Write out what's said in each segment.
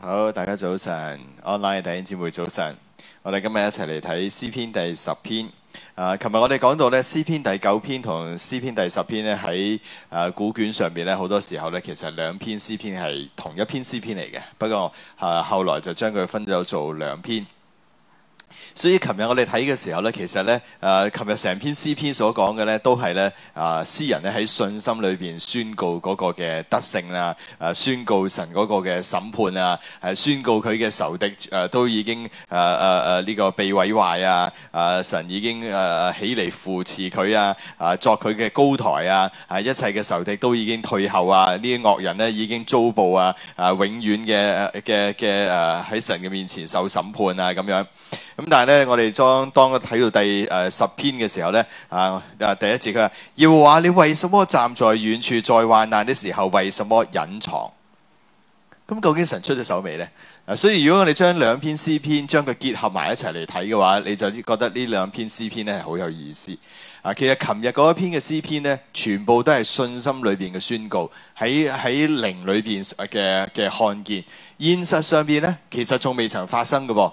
好，大家早晨，online 弟兄姊妹早晨，我哋今日一齊嚟睇詩篇第十篇。啊，琴日我哋講到咧，詩篇第九篇同詩篇第十篇咧喺誒古卷上面咧，好多時候咧，其實兩篇詩篇係同一篇詩篇嚟嘅，不過，啊，後來就將佢分咗做兩篇。所以琴日我哋睇嘅時候咧，其實咧誒，琴日成篇詩篇所講嘅咧，都係咧啊，詩人咧喺信心裏邊宣告嗰個嘅得勝啦，誒、啊，宣告神嗰個嘅審判啊，誒，宣告佢嘅仇敵誒、啊、都已經誒誒誒呢個被毀壞啊，誒，神已經誒、啊、起嚟扶持佢啊，誒，作佢嘅高台啊，一切嘅仇敵都已經退後啊，呢啲惡人呢已經遭報啊，啊，永遠嘅嘅嘅誒喺神嘅面前受審判啊，咁樣。咁但係咧，我哋當當睇到第誒十篇嘅時候咧，啊啊第一節佢話要話，你為什麼站在遠處，在患難的時候為什麼隱藏？咁究竟神出咗手未呢？啊，所以如果我哋將兩篇詩篇將佢結合埋一齊嚟睇嘅話，你就覺得呢兩篇詩篇咧係好有意思。啊，其實琴日嗰一篇嘅詩篇呢，全部都係信心裏邊嘅宣告，喺喺靈裏邊嘅嘅看見，現實上邊呢，其實仲未曾發生嘅噃。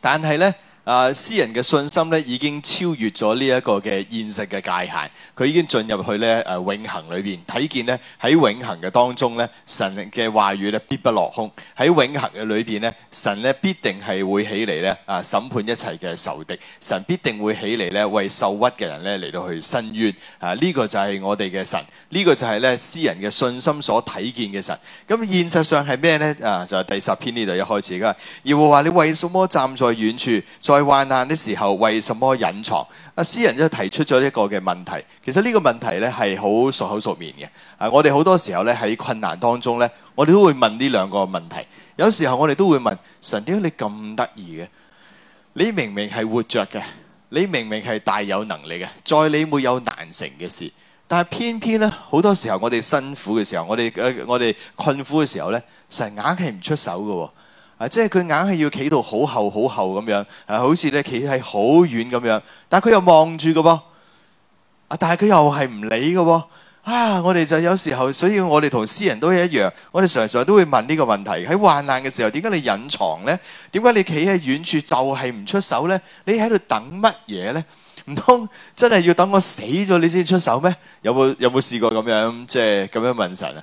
但係咧。啊！詩人嘅信心咧，已經超越咗呢一個嘅現實嘅界限，佢已經進入去咧誒、啊、永恒裏邊睇見咧，喺永恒嘅當中咧，神嘅話語咧必不落空。喺永恒嘅裏邊咧，神咧必定係會起嚟咧，啊審判一切嘅仇敵，神必定會起嚟咧，為受屈嘅人咧嚟到去伸冤。啊呢、這個就係我哋嘅神。呢、這個就係咧詩人嘅信心所睇見嘅神。咁現實上係咩咧？啊就係、是、第十篇呢度一開始噶，而我話你為什麼站在遠處？在患難的時候，為什麼隱藏？啊，詩人就提出咗一個嘅問題。其實呢個問題咧，係好熟口熟面嘅。啊，我哋好多時候咧喺困難當中咧，我哋都會問呢兩個問題。有時候我哋都會問神：點解你咁得意嘅？你明明係活着嘅，你明明係大有能力嘅，在你沒有難成嘅事，但係偏偏咧好多時候我哋辛苦嘅時候，我哋誒，我哋困苦嘅時候咧，神硬係唔出手嘅。啊！即係佢硬係要企到好後好後咁樣，啊，好似咧企喺好遠咁樣。但係佢又望住嘅噃，啊！但係佢又係唔理嘅。啊！我哋就有時候，所以我哋同詩人都係一樣。我哋常常都會問呢個問題：喺患難嘅時候，點解你隱藏呢？點解你企喺遠處就係唔出手呢？你喺度等乜嘢呢？唔通真係要等我死咗你先出手咩？有冇有冇試過咁樣？即係咁樣問神啊？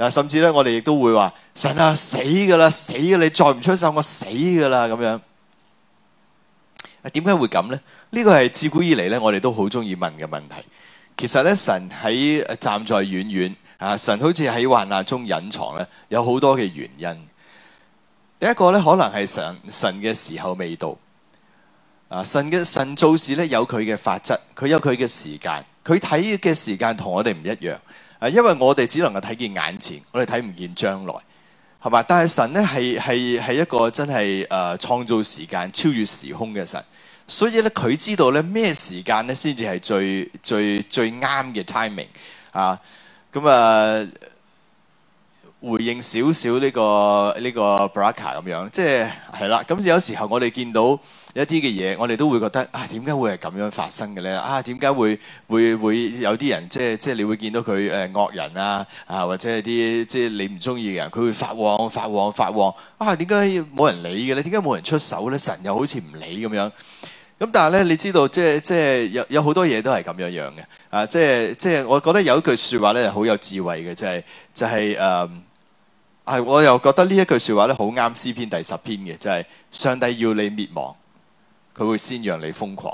啊，甚至咧，我哋亦都會話：神啊，死噶啦，死噶！你再唔出手，我死噶啦！咁樣，啊，點解會咁呢？呢個係自古以嚟咧，我哋都好中意問嘅問題。其實咧，神喺站在遠遠，啊，神好似喺患難中隱藏咧，有好多嘅原因。第一個咧，可能係神神嘅時候未到。啊，神嘅神做事咧，有佢嘅法則，佢有佢嘅時間，佢睇嘅時間同我哋唔一樣。啊，因為我哋只能夠睇見眼前，我哋睇唔見將來，係嘛？但係神咧，係係係一個真係誒、呃、創造時間超越時空嘅神，所以咧，佢知道咧咩時間咧先至係最最最啱嘅 timing 啊！咁啊，回應少少呢個呢個布拉卡咁樣，即係係啦。咁有時候我哋見到。一啲嘅嘢，我哋都會覺得啊，點解會係咁樣發生嘅咧？啊，點解會會會有啲人即係即係你會見到佢誒惡人啊啊，或者係啲即係你唔中意嘅人，佢會發旺發旺發旺啊？點解冇人理嘅咧？點解冇人出手咧？神又好似唔理咁樣咁，但係咧，你知道即係即係有有好多嘢都係咁樣樣嘅啊！即係即係我覺得有一句説話咧，好有智慧嘅就係就係誒，係我又覺得呢一句説話咧，好啱詩篇第十篇嘅就係上帝要你滅亡，佢會先讓你瘋狂，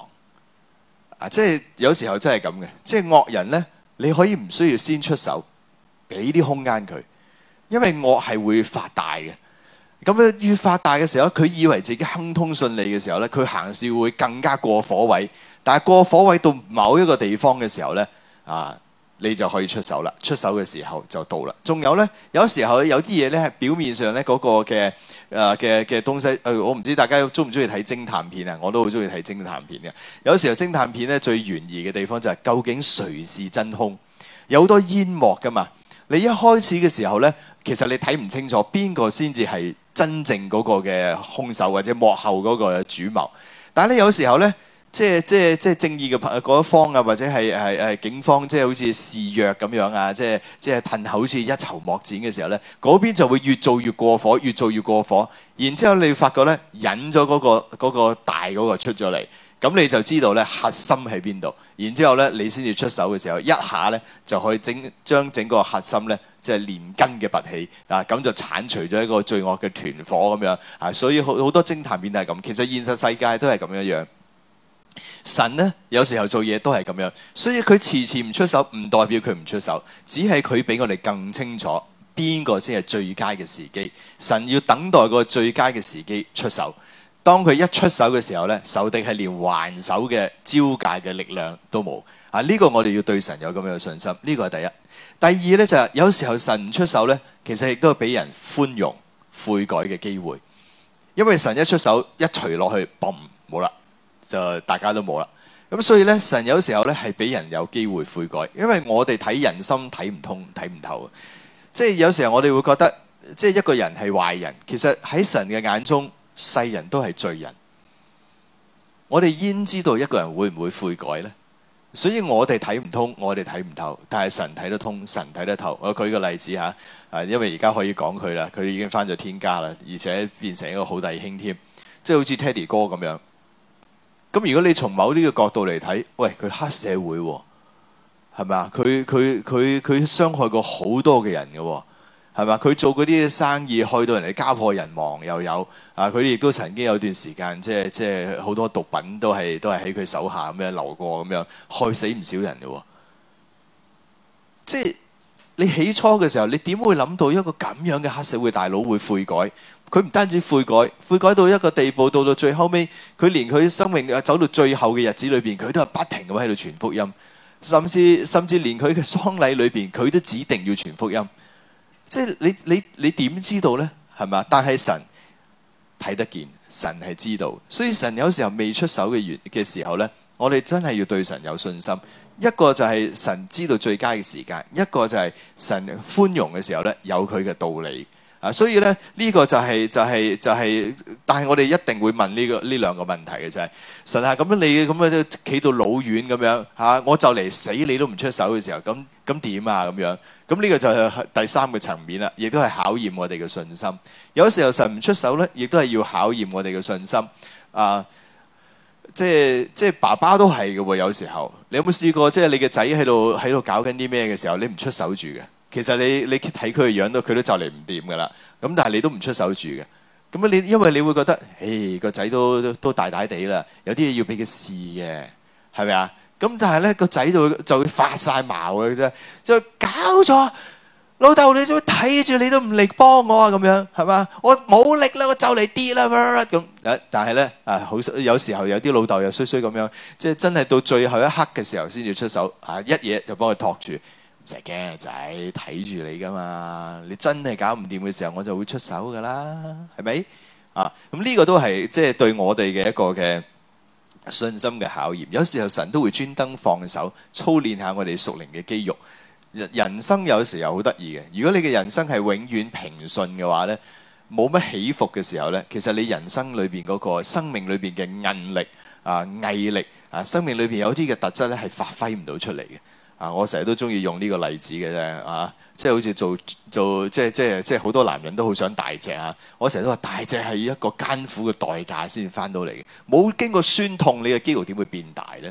啊！即係有時候真係咁嘅，即係惡人呢，你可以唔需要先出手，俾啲空間佢，因為惡係會發大嘅。咁樣越發大嘅時候，佢以為自己亨通順利嘅時候呢，佢行事會更加過火位。但係過火位到某一個地方嘅時候呢，啊！你就可以出手啦！出手嘅時候就到啦。仲有呢，有時候有啲嘢咧，表面上呢嗰個嘅誒嘅嘅東西，誒、呃、我唔知大家中唔中意睇偵探片啊？我都好中意睇偵探片嘅。有時候偵探片呢，最懸疑嘅地方就係究竟誰是真兇？有好多煙幕噶嘛。你一開始嘅時候呢，其實你睇唔清楚邊個先至係真正嗰個嘅兇手或者幕後嗰個主謀。但係咧，有時候呢。即係即係即係正義嘅嗰一方啊，或者係係係警方，即係好似示弱咁樣啊，即係即係吞口，好似一籌莫展嘅時候咧，嗰邊就會越做越過火，越做越過火，然之後你發覺咧，引咗嗰個嗰個大嗰個出咗嚟，咁你就知道咧核心喺邊度，然之後咧你先至出手嘅時候，一下咧就可以整將整個核心咧即係連根嘅拔起啊，咁就剷除咗一個罪惡嘅團伙咁樣啊，所以好好多偵探片都係咁，其實現實世界都係咁樣樣。神呢，有時候做嘢都係咁樣，所以佢遲遲唔出手，唔代表佢唔出手，只係佢比我哋更清楚邊個先係最佳嘅時機。神要等待個最佳嘅時機出手，當佢一出手嘅時候呢，仇敵係連還手嘅招架嘅力量都冇啊！呢個我哋要對神有咁樣嘅信心，呢個係第一。第二呢，就係有時候神唔出手呢，其實亦都係俾人寬容悔改嘅機會，因為神一出手一除落去，嘣冇啦。就大家都冇啦，咁所以呢，神有時候呢係俾人有機會悔改，因為我哋睇人心睇唔通睇唔透，即係有時候我哋會覺得，即係一個人係壞人，其實喺神嘅眼中，世人都係罪人。我哋焉知道一個人會唔會悔改呢？所以我哋睇唔通，我哋睇唔透，但係神睇得通，神睇得透。我舉個例子吓，啊，因為而家可以講佢啦，佢已經返咗天家啦，而且變成一個好弟兄添，即係好似 Teddy 哥咁樣。咁如果你從某啲嘅角度嚟睇，喂，佢黑社會喎，係咪啊？佢佢佢佢傷害過好多嘅人嘅，係咪？佢做嗰啲生意害到人哋家破人亡又有啊！佢亦都曾經有段時間，即係即係好多毒品都係都係喺佢手下咁樣流過咁樣，害死唔少人嘅，即係。你起初嘅時候，你點會諗到一個咁樣嘅黑社會大佬會悔改？佢唔單止悔改，悔改到一個地步，到到最後尾，佢連佢生命走到最後嘅日子裏邊，佢都係不停咁喺度傳福音，甚至甚至連佢嘅喪禮裏邊，佢都指定要傳福音。即係你你你點知道呢？係咪？但係神睇得見，神係知道，所以神有時候未出手嘅緣嘅時候呢，我哋真係要對神有信心。一個就係神知道最佳嘅時間，一個就係神寬容嘅時候咧，有佢嘅道理啊，所以咧呢、這個就係、是、就係、是、就係、是，但係我哋一定會問呢、這個呢兩個問題嘅就係、是、神係咁樣你咁樣都企到老遠咁樣吓、啊，我就嚟死你都唔出手嘅時候，咁咁點啊咁樣？咁呢個就係第三個層面啦，亦都係考驗我哋嘅信心。有啲時候神唔出手咧，亦都係要考驗我哋嘅信心啊。即係即係爸爸都係嘅喎，有時候你有冇試過？即係你個仔喺度喺度搞緊啲咩嘅時候，你唔出手住嘅。其實你你睇佢嘅樣都佢都就嚟唔掂噶啦。咁但係你都唔出手住嘅。咁你因為你會覺得，誒個仔都都大大地啦，有啲嘢要俾佢試嘅，係咪啊？咁但係呢個仔就就會發晒矛嘅啫，就搞咗。老豆，你都睇住，你都唔嚟幫我啊？咁樣係嘛？我冇力啦，我就嚟跌啦，咁。但係呢，啊，好有時候有啲老豆又衰衰咁樣，即係真係到最後一刻嘅時候先至出手。啊，一嘢就幫佢托住，唔使驚啊，仔睇住，你噶嘛。你真係搞唔掂嘅時候，我就會出手噶啦，係咪？啊、咁、這、呢個都係即係對我哋嘅一個嘅信心嘅考驗。有時候神都會專登放手操練下我哋熟練嘅肌肉。人生有時候好得意嘅，如果你嘅人生係永遠平順嘅話呢，冇乜起伏嘅時候呢，其實你人生裏邊嗰個生命裏邊嘅韌力啊、毅力啊，生命裏邊有啲嘅特質呢，係發揮唔到出嚟嘅。啊，我成日都中意用呢個例子嘅啫，啊，即係好似做做，做即係即係即係好多男人都好想大隻啊！我成日都話大隻係一個艱苦嘅代價先翻到嚟嘅，冇經過酸痛，你嘅肌肉點會變大呢？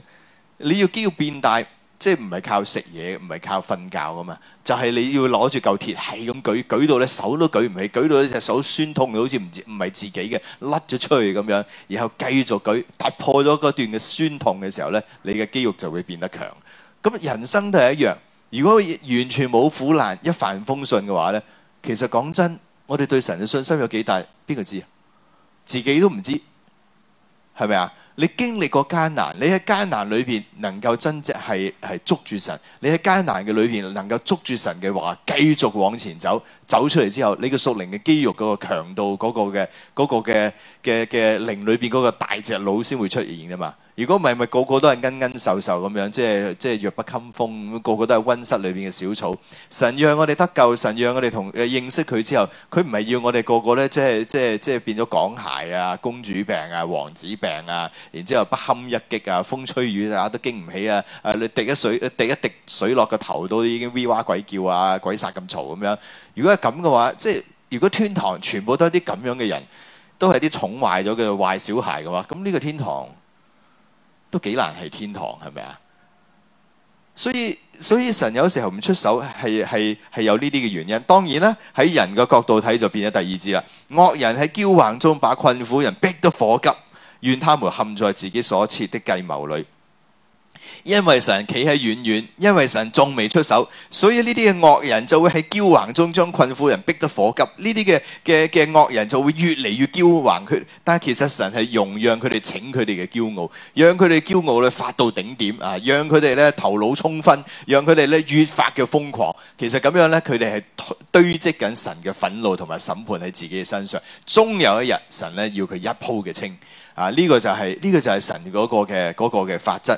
你要肌肉變大，即係唔係靠食嘢，唔係靠瞓覺噶嘛？就係、是、你要攞住嚿鐵舉，係咁舉舉到咧，手都舉唔起，舉到隻手酸痛，好似唔自唔係自己嘅甩咗出去咁樣，然後繼續舉，突破咗嗰段嘅酸痛嘅時候咧，你嘅肌肉就會變得強。咁人生都係一樣，如果完全冇苦難，一帆風順嘅話咧，其實講真，我哋對神嘅信心有幾大？邊個知？自己都唔知，係咪啊？你經歷過艱難，你喺艱難裏面能夠真正係捉住神，你喺艱難嘅裏面能夠捉住神嘅話，繼續往前走，走出嚟之後，你嘅屬靈嘅肌肉嗰個強度、嗰個，嗰、嗰個嘅靈裏面嗰個大隻佬先會出現㗎嘛。如果唔係，咪個個都係奀奀瘦瘦咁樣，即係即係弱不禁風咁，個個都係溫室裏邊嘅小草。神讓我哋得救，神讓我哋同認識佢之後，佢唔係要我哋個個咧，即係即係即係變咗港孩啊、公主病啊、王子病啊，然之後不堪一擊啊、風吹雨打、啊、都經唔起啊。誒、啊，你滴一水滴一滴水落個頭都已經 v 哇鬼叫啊，鬼殺咁嘈咁樣。如果係咁嘅話，即係如果天堂全部都係啲咁樣嘅人，都係啲寵壞咗嘅壞小孩嘅話，咁呢個天堂？都幾難係天堂，係咪啊？所以所以神有時候唔出手，係係係有呢啲嘅原因。當然啦，喺人嘅角度睇就變咗第二支啦。惡人喺驕橫中把困苦人逼到火急，願他們陷在自己所設的計謀裏。因為神企喺遠遠，因為神仲未出手，所以呢啲嘅惡人就會喺驕橫中將困苦人逼得火急。呢啲嘅嘅嘅惡人就會越嚟越驕橫。但係其實神係容讓佢哋，請佢哋嘅驕傲，讓佢哋驕傲咧發到頂點啊，讓佢哋咧頭腦衝昏，讓佢哋咧越發嘅瘋狂。其實咁樣咧，佢哋係堆積緊神嘅憤怒同埋審判喺自己嘅身上。終有一日，神咧要佢一鋪嘅清啊！呢個就係，呢個就係神嗰個嘅嗰個嘅法則。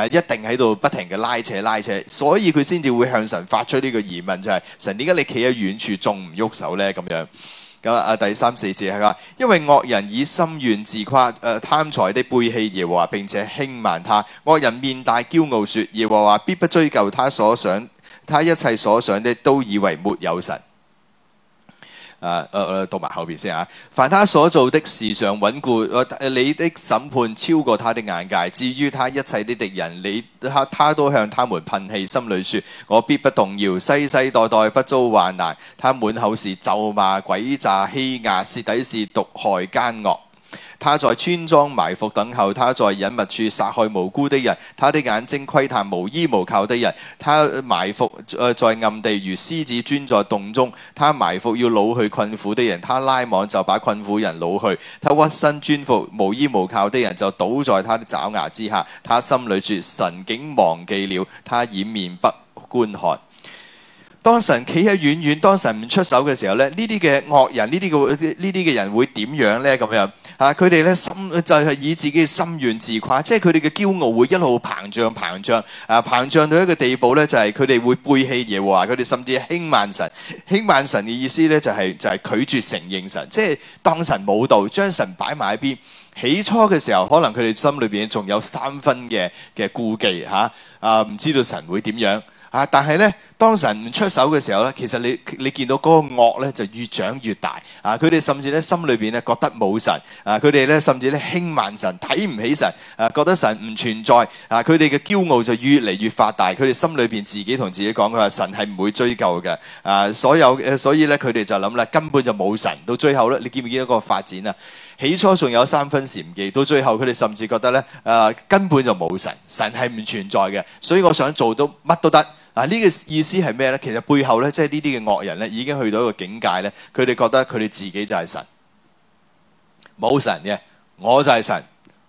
一定喺度不停嘅拉扯拉扯，所以佢先至會向神發出呢個疑問，就係、是、神點解你企喺遠處仲唔喐手咧？咁樣咁啊，第三四節係因為惡人以心願自誇，誒貪財的背棄耶和華，並且輕慢他。惡人面帶驕傲說，說，耶和華必不追究他所想，他一切所想的都以為沒有神。呃呃誒，啊、讀埋後邊先嚇。凡他所做的時常穩固，你的審判超過他的眼界。至於他一切的敵人，你他他都向他們噴氣，心裏説：我必不動搖，世世代代不遭患難。他滿口是咒罵、詭詐、欺壓、舌底、是毒害奸惡、奸惡。他在村莊埋伏等候，他在隱密處殺害無辜的人，他的眼睛窺探無依無靠的人，他埋伏在暗地如獅子蹲在洞中，他埋伏要擄去困苦的人，他拉網就把困苦人擄去，他屈身蹲伏無依無靠的人就倒在他的爪牙之下，他心裏説神竟忘記了，他掩面不觀看。當神企喺遠遠，當神唔出手嘅時候咧，呢啲嘅惡人，呢啲嘅呢啲嘅人會點樣咧？咁樣啊，佢哋咧心就係、是、以自己嘅心願自誇，即係佢哋嘅驕傲會一路膨脹膨脹啊，膨脹到一個地步咧，就係佢哋會背棄耶和華，佢、啊、哋甚至輕慢神，輕慢神嘅意思咧就係、是、就係、是、拒絕承認神，即係當神冇道，將神擺埋一邊。起初嘅時候，可能佢哋心裏面仲有三分嘅嘅顧忌嚇啊，唔、啊、知道神會點樣啊，但係咧。當神唔出手嘅時候咧，其實你你見到嗰個惡咧就越長越大啊！佢哋甚至咧心裏邊咧覺得冇神啊！佢哋咧甚至咧輕慢神，睇唔起神啊，覺得神唔存在啊！佢哋嘅驕傲就越嚟越發大，佢哋心裏邊自己同自己講：佢話神係唔會追究嘅啊！所有所以咧，佢哋就諗啦，根本就冇神。到最後咧，你見唔見到嗰個發展啊？起初仲有三分禪機，到最後佢哋甚至覺得咧，誒根本就冇神，神係唔存在嘅。所以我想做到乜都得。嗱呢個意思係咩呢？其實背後呢，即係呢啲嘅惡人呢，已經去到了一個境界呢，佢哋覺得佢哋自己就係神，冇神嘅，我就係神，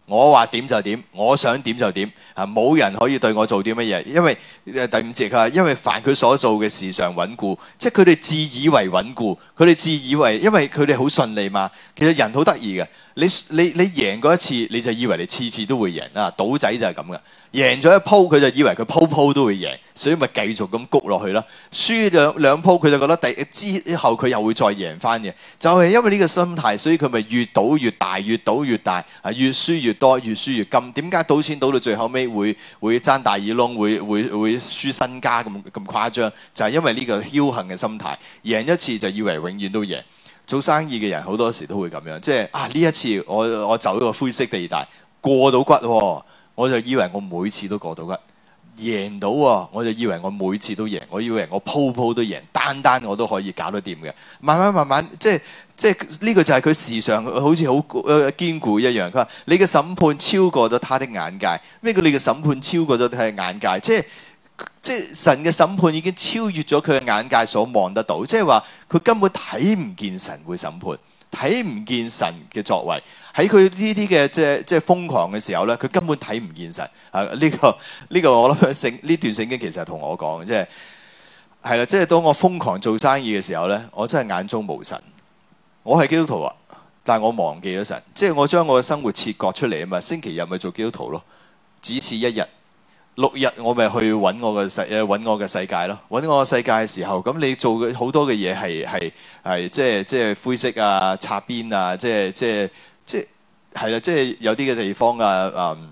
我話點就點，我想點就點，啊冇人可以對我做啲乜嘢，因為第五節佢話，因為凡佢所做嘅時常穩固，即係佢哋自以為穩固，佢哋自以為，因為佢哋好順利嘛。其實人好得意嘅。你你你贏過一次你就以為你次次都會贏啊！賭仔就係咁嘅，贏咗一鋪佢就以為佢鋪鋪都會贏，所以咪繼續咁谷落去啦。輸兩兩鋪佢就覺得第之後佢又會再贏翻嘅，就係因為呢個心態，所以佢咪越賭越大，越賭越大，啊越輸越多，越輸越金。點解賭錢賭到最後尾會會爭大耳窿，會會會輸身家咁咁誇張？就係因為呢個僥倖嘅心態，贏一次就以為永遠都贏。做生意嘅人好多時都會咁樣，即係啊呢一次我我走咗個灰色地帶過到骨、哦，我就以為我每次都過到骨，贏到、哦，我就以為我每次都贏，我以為我鋪鋪都贏，單單我都可以搞得掂嘅。慢慢慢慢，即係即係呢個就係佢時常，好似好誒堅固一樣。佢話你嘅審判超過咗他的眼界，咩叫你嘅審判超過咗佢嘅眼界？即係。即係神嘅審判已經超越咗佢嘅眼界，所望得到，即係話佢根本睇唔見神會審判，睇唔見神嘅作為，喺佢呢啲嘅即係即係瘋狂嘅時候呢，佢根本睇唔見神。啊、這個，呢個呢個我諗聖呢段聖經其實係同我講嘅，即係係啦，即係當我瘋狂做生意嘅時候呢，我真係眼中無神。我係基督徒啊，但我忘記咗神，即係我將我嘅生活切割出嚟啊嘛，星期日咪做基督徒咯，只此一日。六日我咪去揾我嘅世，揾我嘅世界咯。揾我嘅世界嘅時候，咁你做好多嘅嘢，係係係即係即係灰色啊、擦邊啊，即係即係即係係啦，即係有啲嘅地方啊，嗯，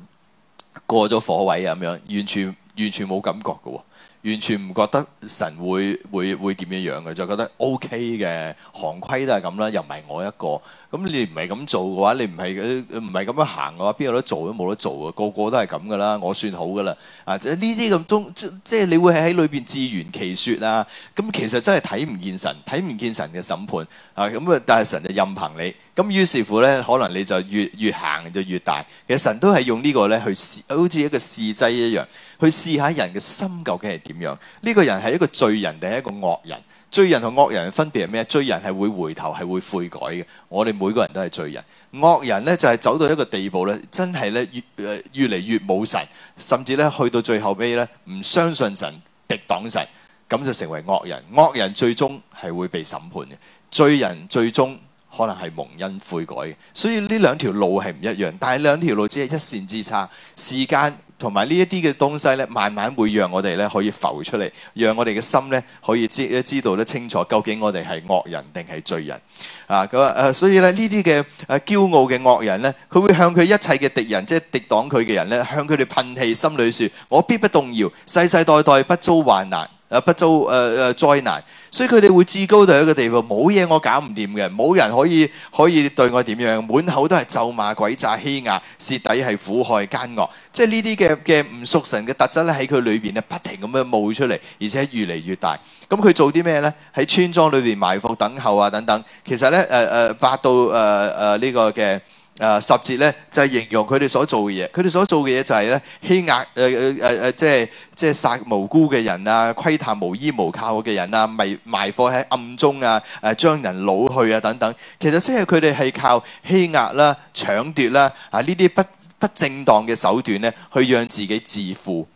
過咗火位啊咁樣，完全完全冇感覺嘅喎。完全唔覺得神會會會點樣樣嘅，就覺得 OK 嘅行規都係咁啦，又唔係我一個。咁你唔係咁做嘅話，你唔係唔唔係咁樣行嘅話，邊有得做都沒得做都冇得做啊！個個都係咁噶啦，我算好噶啦。啊，呢啲咁中即係你會係喺裏邊自圓其説啦。咁，啊，其實真係睇唔見神，睇唔見神嘅審判啊。咁啊，但係神就任憑你。咁於是乎咧，可能你就越越行就越大。其實神都係用這個呢個咧去試，好似一個試劑一樣，去試下人嘅心究竟係點樣。呢、這個人係一個罪人定係一個惡人？罪人同惡人分別係咩？罪人係會回頭，係會悔改嘅。我哋每個人都係罪人，惡人咧就係、是、走到一個地步咧，真係咧越誒、呃、越嚟越冇神，甚至咧去到最後尾咧唔相信神，敵擋神，咁就成為惡人。惡人最終係會被審判嘅，罪人最終。可能係蒙恩悔改，所以呢兩條路係唔一樣，但係兩條路只係一線之差。時間同埋呢一啲嘅東西咧，慢慢會讓我哋咧可以浮出嚟，讓我哋嘅心咧可以知知道得清楚，究竟我哋係惡人定係罪人啊？咁啊，所以咧呢啲嘅誒驕傲嘅惡人咧，佢會向佢一切嘅敵人，即係敵擋佢嘅人咧，向佢哋噴氣，心裏說：「我必不動搖，世世代代不遭患難。誒不遭誒災難，所以佢哋會自高到一個地步，冇嘢我搞唔掂嘅，冇人可以可以對我點樣，滿口都係咒罵、詭詐、欺壓、舌底係苦害、奸惡，即係呢啲嘅嘅唔屬神嘅特質咧喺佢裏面咧不停咁樣冒出嚟，而且越嚟越大。咁佢做啲咩咧？喺村莊裏面埋伏等候啊等等。其實咧誒誒發到誒呢、呃呃呃呃呢個嘅。誒、呃、十節咧就係、是、形容佢哋所做嘅嘢，佢哋所做嘅嘢就係咧欺壓誒誒誒誒，即係即係殺無辜嘅人啊，窺探無依無靠嘅人啊，埋埋伏喺暗中啊，誒將人擄去啊等等，其實即係佢哋係靠欺壓啦、搶奪啦啊呢啲、啊、不不正當嘅手段咧，去讓自己致富，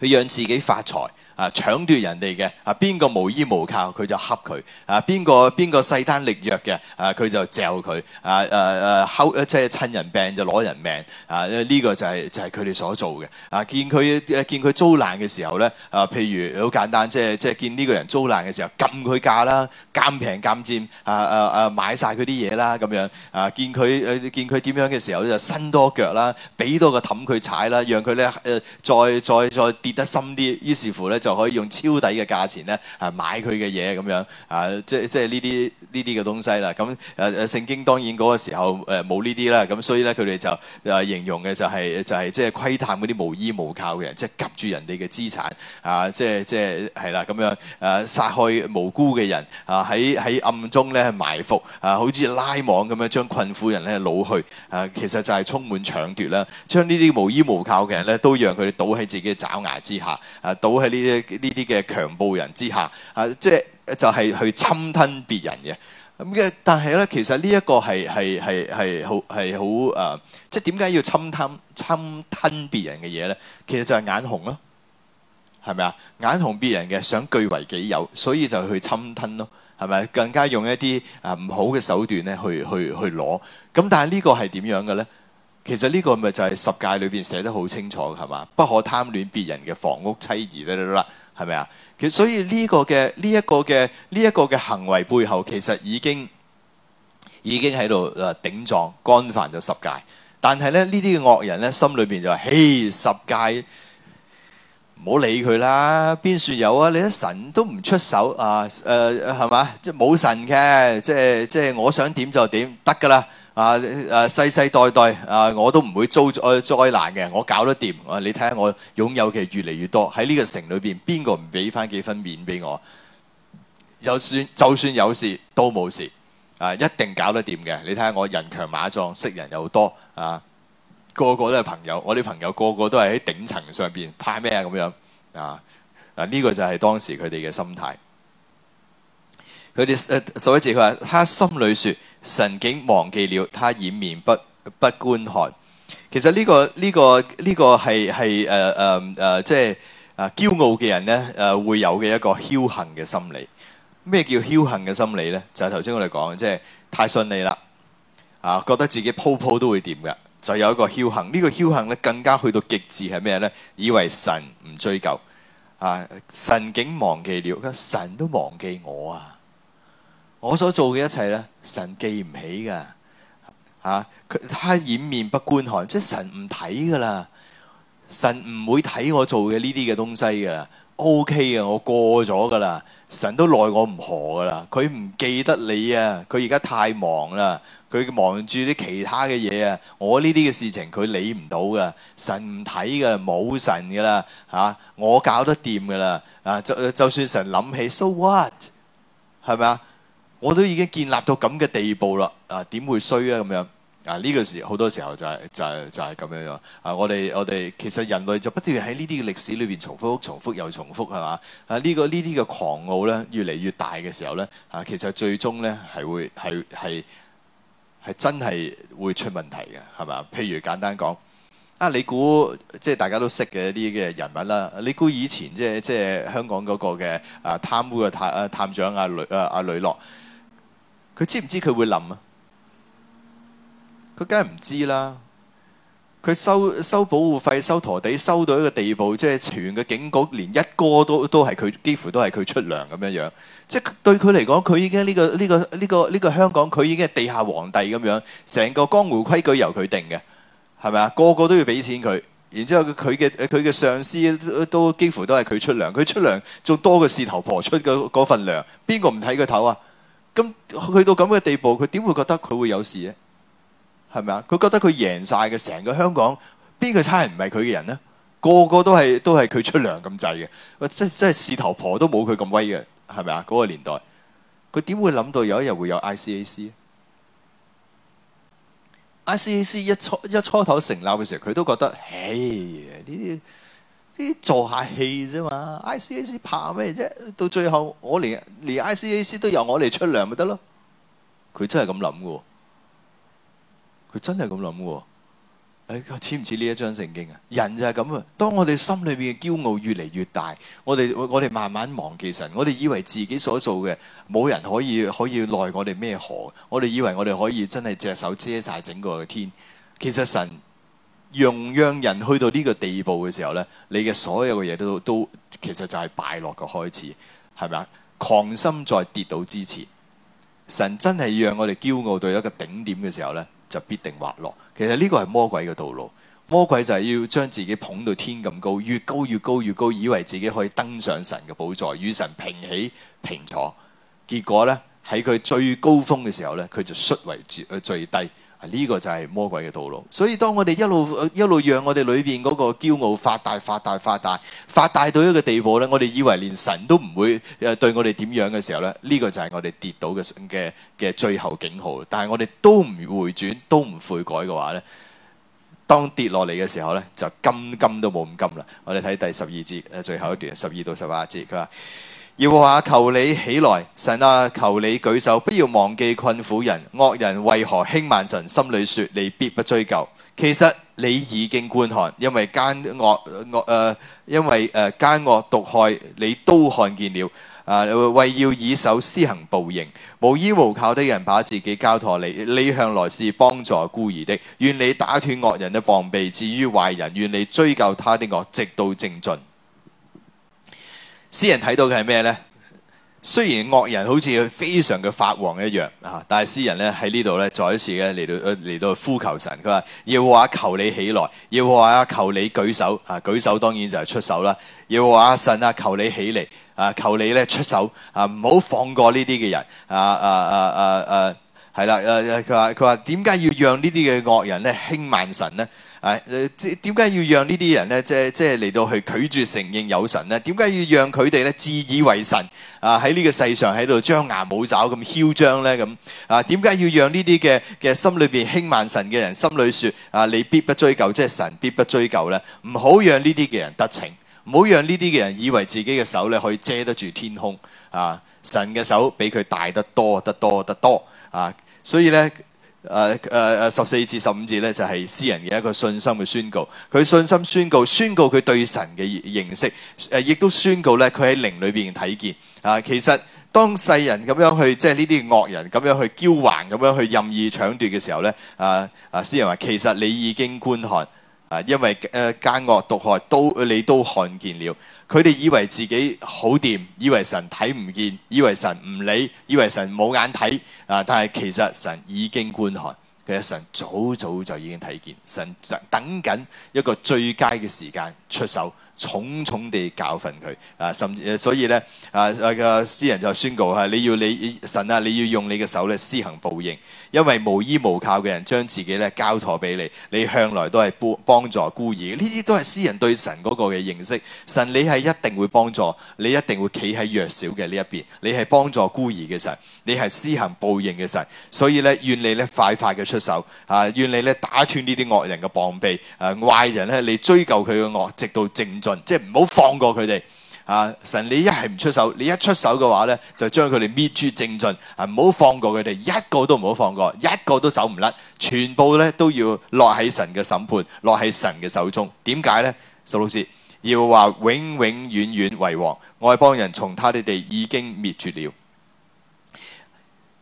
去讓自己發財。啊！搶奪人哋嘅啊，邊個無依無靠佢就恰佢啊！邊個邊個勢單力弱嘅啊，佢就嚼佢啊！誒誒，後即係趁人病就攞人命啊！呢個就係就係佢哋所做嘅啊！見佢誒見佢遭難嘅時候咧啊，譬如好簡單，即係即係見呢個人遭難嘅時候，撳佢價啦，攪平攪賤啊啊啊，買曬佢啲嘢啦咁樣啊！見佢誒見佢點樣嘅時候，就伸多腳啦，俾多個氹佢踩啦，讓佢咧誒再再再跌得深啲，於是乎咧就，可以用超低嘅價錢咧，啊買佢嘅嘢咁樣，啊即即係呢啲呢啲嘅東西啦。咁誒誒聖經當然嗰個時候誒冇呢啲啦，咁、啊啊、所以咧佢哋就誒、啊、形容嘅就係、是、就係即係窺探嗰啲無依無靠嘅人，即係 𥄫 住人哋嘅資產，啊即係即係係啦咁樣，誒、啊、殺害無辜嘅人，啊喺喺暗中咧埋伏，啊好似拉網咁樣將困苦人咧擄去，啊其實就係充滿搶奪啦、啊，將呢啲無依無靠嘅人咧都讓佢哋倒喺自己嘅爪牙之下，啊倒喺呢啲。呢啲嘅強暴人之下，啊，即係就係去侵吞別人嘅咁嘅。但係咧，其實呢一個係係係係好係好誒，即係點解要侵吞侵吞別人嘅嘢咧？其實就係眼紅咯，係咪啊？眼紅別人嘅，想據為己有，所以就去侵吞咯，係咪？更加用一啲誒唔好嘅手段咧，去去去攞。咁但係呢個係點樣嘅咧？其實呢個咪就係十戒裏邊寫得好清楚係嘛？不可貪戀別人嘅房屋妻兒啦啦啦，係咪啊？其實所以呢個嘅呢一個嘅呢一個嘅行為背後，其實已經已經喺度誒頂撞、干犯咗十戒。但係咧呢啲嘅惡人咧心裏邊就話：嘿，十戒唔好理佢啦，邊説有啊？你啲神都唔出手啊？誒係嘛？即係冇神嘅，即係即係我想點就點得㗎啦。可以啊！誒、啊、世世代代啊，我都唔會遭災災難嘅，我搞得掂。我你睇下我擁有嘅越嚟越多喺呢個城裏邊，邊個唔俾翻幾分面俾我？有算就算，有事都冇事，啊一定搞得掂嘅。你睇下我人強馬壯，識人又多啊，個個都係朋友。我啲朋友個個，個都係喺頂層上邊，怕咩啊？咁樣啊？嗱、啊、呢、啊啊啊呢個就係當時佢哋嘅心態。佢哋誒，啊、一以佢話，他心裏説。神竟忘記了，他掩面不不觀看。其實呢、這個呢、這個呢、這個係係誒誒誒，即係誒驕傲嘅人咧誒、呃、會有嘅一個僥倖嘅心理。咩叫僥倖嘅心理呢？就係頭先我哋講，即、就、係、是、太順利啦，啊覺得自己鋪鋪都會掂嘅，就有一個僥倖。這個、幸呢個僥倖咧更加去到極致係咩呢？以為神唔追究，啊神竟忘記了，神都忘記我啊！我所做嘅一切咧，神記唔起噶，嚇、啊、佢他掩面不觀看，即係神唔睇噶啦，神唔會睇我做嘅呢啲嘅東西噶啦，O K 嘅，我過咗噶啦，神都奈我唔何噶啦，佢唔記得你啊，佢而家太忙啦，佢忙住啲其他嘅嘢啊，我呢啲嘅事情佢理唔到噶，神唔睇噶，冇神噶啦，嚇我搞得掂噶啦，啊就就算神諗起，So what，係咪啊？我都已經建立到咁嘅地步啦，啊點會衰啊咁樣？啊呢、這個時好多時候就係、是、就係、是、就係咁樣樣。啊我哋我哋其實人類就不斷喺呢啲嘅歷史裏邊重複重複又重複係嘛？啊呢、這個呢啲嘅狂傲咧越嚟越大嘅時候咧，啊其實最終咧係會係係係真係會出問題嘅係嘛？譬如簡單講，啊你估即係大家都識嘅一啲嘅人物啦，你估以前即係即係香港嗰個嘅啊貪污嘅探啊探長阿雷啊阿雷洛。佢知唔知佢會冧啊？佢梗係唔知啦。佢收收保護費、收陀地，收到一個地步，即係全個警局連一哥都都係佢，幾乎都係佢出糧咁樣樣。即係對佢嚟講，佢已經呢個呢個呢個呢個香港，佢已經係地下皇帝咁樣，成個江湖規矩由佢定嘅，係咪啊？個個都要俾錢佢，然之後佢嘅佢嘅上司都都幾乎都係佢出糧，佢出糧仲多過事頭婆出嘅嗰份糧，邊個唔睇佢頭啊？咁去到咁嘅地步，佢點會覺得佢會有事咧？係咪啊？佢覺得佢贏晒嘅，成個香港，邊個差人唔係佢嘅人咧？個個都係都係佢出糧咁滯嘅，即即係真係事頭婆都冇佢咁威嘅，係咪啊？嗰、那個年代，佢點會諗到有一日會有 ICAC？ICAC IC 一初一初頭成立嘅時候，佢都覺得，嘿呢啲。這些啲做下戲啫嘛，I C A C 怕咩啫？到最後我連連 I C A C 都由我嚟出糧咪得咯？佢真係咁諗嘅，佢真係咁諗嘅。誒、哎，似唔似呢一張聖經啊？人就係咁啊！當我哋心裏邊嘅驕傲越嚟越大，我哋我哋慢慢忘記神，我哋以為自己所做嘅冇人可以可以耐我哋咩何。我哋以為我哋可以真係隻手遮晒整個嘅天，其實神。容讓人去到呢個地步嘅時候呢，你嘅所有嘅嘢，都都其實就係敗落嘅開始，係咪啊？狂心在跌倒之前，神真係讓我哋驕傲到一個頂點嘅時候呢，就必定滑落。其實呢個係魔鬼嘅道路，魔鬼就係要將自己捧到天咁高，越高越高越高，以為自己可以登上神嘅寶座，與神平起平坐。結果呢，喺佢最高峰嘅時候呢，佢就摔為最最低。呢個就係魔鬼嘅道路，所以當我哋一路一路讓我哋裏邊嗰個驕傲發大發大發大發大到一個地步呢，我哋以為連神都唔會誒、對我哋點樣嘅時候呢，呢個就係我哋跌倒嘅嘅嘅最後警號。但係我哋都唔回轉，都唔悔改嘅話呢，當跌落嚟嘅時候呢，就金金都冇咁金啦。我哋睇第十二節，最後一段十二到十八節，佢話。要話求你起來，神啊，求你舉手，不要忘記困苦人、惡人為何輕慢神？心裏說你必不追究。其實你已經觀看，因為奸惡惡誒、呃，因為誒奸惡毒害你都看見了。啊、呃，為要以手施行報應，無依無靠的人把自己交託你，你向來是幫助孤兒的。願你打斷惡人的膀臂，至於壞人，願你追究他的惡，直到正盡。詩人睇到嘅係咩咧？雖然惡人好似非常嘅發黃一樣啊，但係詩人咧喺呢度咧再一次嘅嚟到嚟到呼求神，佢話要話、啊、求你起來，要話啊求你舉手啊，舉手當然就係出手啦，要話、啊、神啊求你起嚟啊求你咧出手啊唔好放過呢啲嘅人啊啊啊啊啊係啦，佢話佢話點解要讓這些惡人呢啲嘅惡人咧輕慢神咧？誒，即點解要讓呢啲人咧，即係即係嚟到去拒絕承認有神咧？點解要讓佢哋咧自以為神啊？喺呢個世上喺度張牙舞爪咁囂張咧咁啊？點解要讓呢啲嘅嘅心裏邊輕慢神嘅人心裏說啊？你必不追究，即係神必不追究咧？唔好讓呢啲嘅人得逞，唔好讓呢啲嘅人以為自己嘅手咧可以遮得住天空啊！神嘅手比佢大得多得多得多啊！所以咧。誒誒誒十四至十五節咧，就係、是、詩人嘅一個信心嘅宣告。佢信心宣告，宣告佢對神嘅認識，誒，亦都宣告咧，佢喺靈裏邊睇見。啊、uh，其實當世人咁樣去，即係呢啲惡人咁樣去驕橫、咁樣去任意搶奪嘅時候咧，啊啊，詩人話：其實你已經觀看啊，因為誒奸惡毒害都你都看見了。佢哋以為自己好掂，以為神睇唔見，以為神唔理，以為神冇眼睇啊！但係其實神已經觀看，其實神早早就已經睇見，神等緊一個最佳嘅時間出手。重重地教訓佢啊！甚至所以咧啊，個詩人就宣告：係你要你神啊，你要用你嘅手咧施行報應，因為無依無靠嘅人將自己咧交託俾你，你向來都係幫幫助孤兒。呢啲都係詩人對神嗰個嘅認識。神，你係一定會幫助，你一定會企喺弱小嘅呢一邊，你係幫助孤兒嘅神，你係施行報應嘅神。所以咧，願你咧快快嘅出手啊！願你咧打斷呢啲惡人嘅膀臂啊！壞人咧，你追究佢嘅惡，直到淨盡。即係唔好放過佢哋啊！神，你一係唔出手，你一出手嘅話呢，就將佢哋滅絕淨盡啊！唔好放過佢哋，一個都唔好放過，一個都走唔甩，全部咧都要落喺神嘅審判，落喺神嘅手中。點解呢？蘇老師要話永永遠遠為王？外邦人從他哋地已經滅絕了。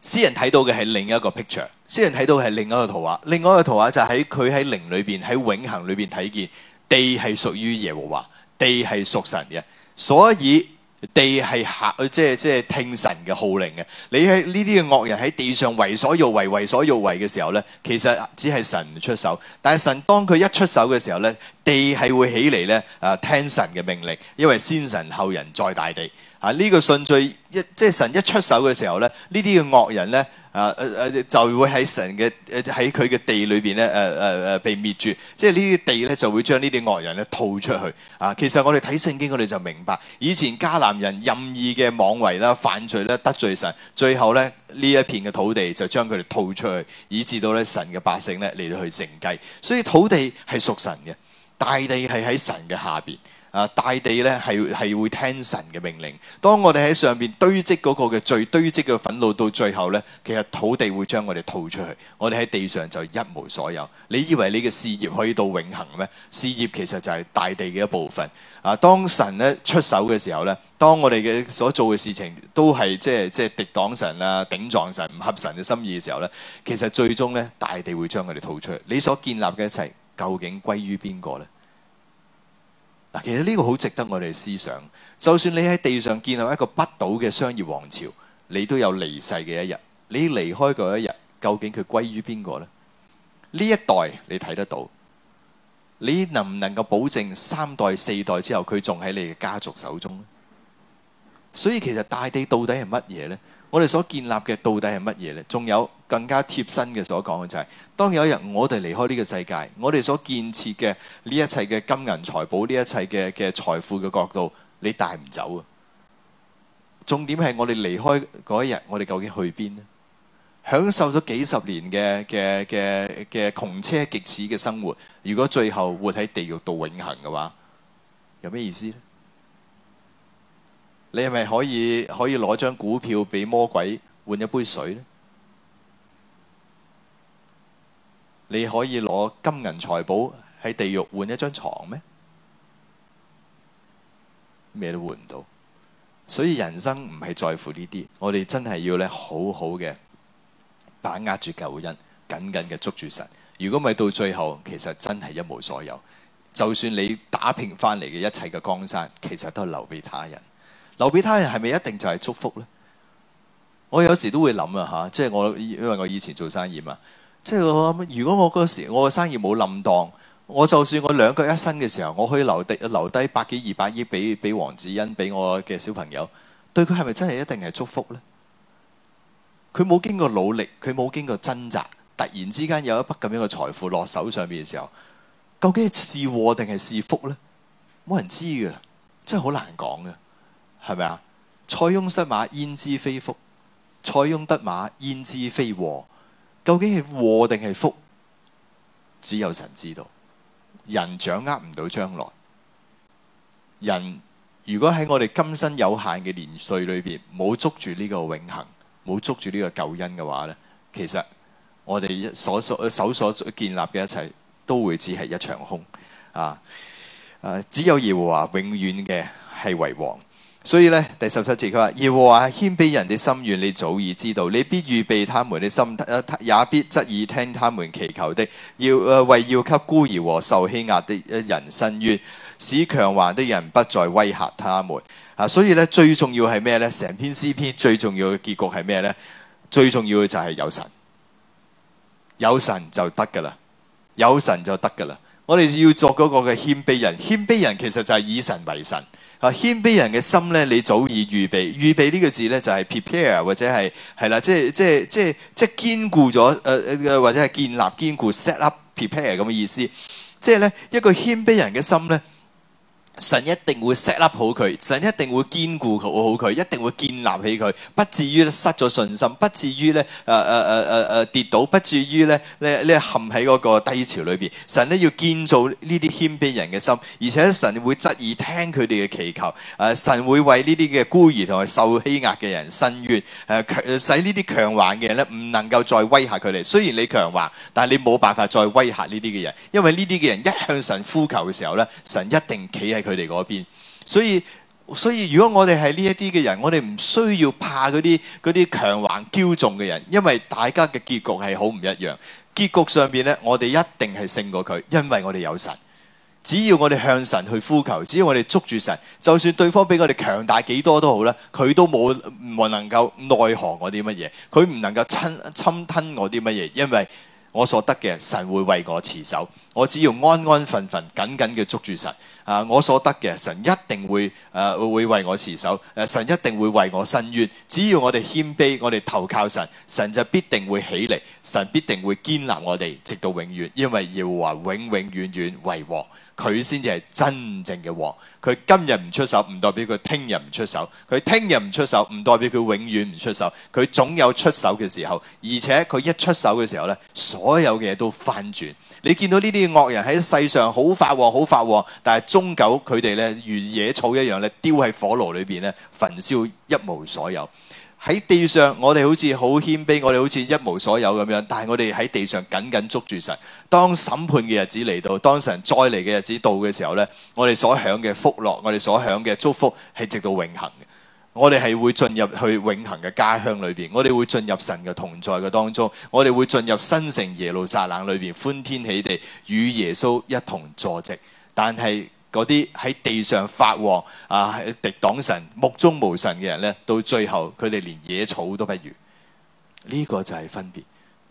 詩人睇到嘅係另一個 picture，詩人睇到係另一個圖畫，另外一個圖畫就喺佢喺靈裏邊喺永恆裏邊睇見地係屬於耶和華。地係屬神嘅，所以地係下，即係即係聽神嘅號令嘅。你喺呢啲嘅惡人喺地上為所欲為、為所欲為嘅時候呢，其實只係神出手。但係神當佢一出手嘅時候呢，地係會起嚟咧，啊聽神嘅命令，因為先神後人在大地。啊呢、呢個順序一即係、就是、神一出手嘅時候呢，呢啲嘅惡人呢。啊誒誒、啊，就會喺神嘅誒喺佢嘅地裏邊咧誒誒誒被滅絕，即係呢啲地咧就會將呢啲惡人咧吐出去。啊，其實我哋睇聖經，我哋就明白，以前迦南人任意嘅妄為啦、啊、犯罪咧、啊、得罪神，最後咧呢一片嘅土地就將佢哋吐出去，以致到咧神嘅百姓咧嚟到去承繼。所以土地係屬神嘅，大地係喺神嘅下邊。啊！大地咧係係會聽神嘅命令。當我哋喺上面堆積嗰個嘅罪，堆積嘅憤怒，到最後咧，其實土地會將我哋吐出去。我哋喺地上就一無所有。你以為你嘅事業可以到永恆咩？事業其實就係大地嘅一部分。啊，當神咧出手嘅時候咧，當我哋嘅所做嘅事情都係即係即係敵擋神啊、頂撞神、唔合神嘅心意嘅時候咧，其實最終咧，大地會將我哋吐出去。你所建立嘅一切，究竟歸於邊個咧？嗱，其實呢個好值得我哋思想。就算你喺地上建立一個不倒嘅商業王朝，你都有離世嘅一日。你離開嗰一日，究竟佢歸於邊個呢？呢一代你睇得到，你能唔能夠保證三代四代之後佢仲喺你嘅家族手中呢？所以其實大地到底係乜嘢呢？我哋所建立嘅到底係乜嘢呢？仲有。更加貼身嘅所講嘅就係、是，當有一日我哋離開呢個世界，我哋所建設嘅呢一切嘅金銀財寶，呢一切嘅嘅財富嘅角度，你帶唔走啊！重點係我哋離開嗰一日，我哋究竟去邊咧？享受咗幾十年嘅嘅嘅嘅窮奢極侈嘅生活，如果最後活喺地獄度永恆嘅話，有咩意思咧？你係咪可以可以攞張股票俾魔鬼換一杯水咧？你可以攞金銀財寶喺地獄換一張床咩？咩都換唔到，所以人生唔係在乎呢啲，我哋真係要咧好好嘅把握住救恩，緊緊嘅捉住神。如果唔係到最後，其實真係一無所有。就算你打拼翻嚟嘅一切嘅江山，其實都係留俾他人。留俾他人係咪一定就係祝福呢？我有時都會諗啊，吓，即係我因為我以前做生意嘛。即係我諗，如果我嗰時候我嘅生意冇冧檔，我就算我兩腳一伸嘅時候，我可以留低留低百幾二百億俾俾黃子欣，俾我嘅小朋友，對佢係咪真係一定係祝福呢？佢冇經過努力，佢冇經過掙扎，突然之間有一筆咁樣嘅財富落手上面嘅時候，究竟係是禍定係是福呢？冇人知嘅，真係好難講嘅，係咪啊？塞翁失馬，焉知非福；塞翁得馬，焉知非禍。究竟係禍定係福，只有神知道。人掌握唔到將來。人如果喺我哋今生有限嘅年歲裏邊冇捉住呢個永恆，冇捉住呢個救恩嘅話呢，其實我哋所所所所建立嘅一切都會只係一場空啊，啊！只有耶和華永遠嘅係為王。所以咧，第十七節佢話：耶和華，謙卑人的心願，你早已知道。你必預備他們的心，也必側耳聽他們祈求的。要為要給孤兒和受欺壓的人伸冤，使強橫的人不再威嚇他們。啊！所以咧，最重要係咩呢？成篇詩篇最重要嘅結局係咩呢？最重要嘅就係有神，有神就得噶啦，有神就得噶啦。我哋要做嗰個嘅謙卑人，謙卑人其實就係以神為神。啊，謙卑人嘅心呢，你早已預備。預備呢個字呢，就係、是、prepare 或者係係啦，即係即係即係即係堅固咗、呃，或者係建立堅固 set up prepare 咁嘅意思。即係呢一個謙卑人嘅心呢。神一定會 set up 好佢，神一定會堅固好好佢，一定會建立起佢，不至於失咗信心，不至於咧誒誒誒誒誒跌倒，不至於咧咧咧陷喺嗰個低潮裏邊。神咧要建造呢啲謙卑人嘅心，而且神會質疑聽佢哋嘅祈求。誒、呃，神會為呢啲嘅孤兒同埋受欺壓嘅人伸冤，誒、呃，使呢啲強橫嘅人咧唔能夠再威吓佢哋。雖然你強橫，但係你冇辦法再威吓呢啲嘅人，因為呢啲嘅人一向神呼求嘅時候咧，神一定企喺佢。佢哋嗰邊，所以，所以如果我哋係呢一啲嘅人，我哋唔需要怕嗰啲嗰啲強橫驕縱嘅人，因為大家嘅結局係好唔一樣。結局上邊呢，我哋一定係勝過佢，因為我哋有神。只要我哋向神去呼求，只要我哋捉住神，就算對方比我哋強大幾多都好啦，佢都冇唔能夠奈何我啲乜嘢，佢唔能夠侵侵吞我啲乜嘢，因為。我所得嘅神會為我持守，我只要安安分分緊緊嘅捉住神啊！我所得嘅神一定會誒、呃、會為我持守，神一定會為我伸冤。只要我哋謙卑，我哋投靠神，神就必定會起嚟，神必定會堅立我哋直到永遠，因為耶和華永永遠遠，遠遠為王。佢先至係真正嘅王。佢今日唔出手，唔代表佢聽日唔出手。佢聽日唔出手，唔代表佢永遠唔出手。佢總有出手嘅時候，而且佢一出手嘅時候呢，所有嘅嘢都翻轉。你見到呢啲惡人喺世上好發旺，好發旺，但係終究佢哋呢，如野草一樣呢，丟喺火爐裏邊呢，焚燒一無所有。喺地上，我哋好似好謙卑，我哋好似一無所有咁樣。但係我哋喺地上緊緊捉住神。當審判嘅日子嚟到，當神再嚟嘅日子到嘅時候咧，我哋所享嘅福樂，我哋所享嘅祝福，係直到永恒嘅。我哋係會進入去永恒嘅家鄉裏邊，我哋會進入神嘅同在嘅當中，我哋會進入新城耶路撒冷裏邊歡天喜地，與耶穌一同坐席。但係。嗰啲喺地上發旺啊，敵擋神、目中無神嘅人呢，到最後佢哋連野草都不如。呢、呢個就係分別。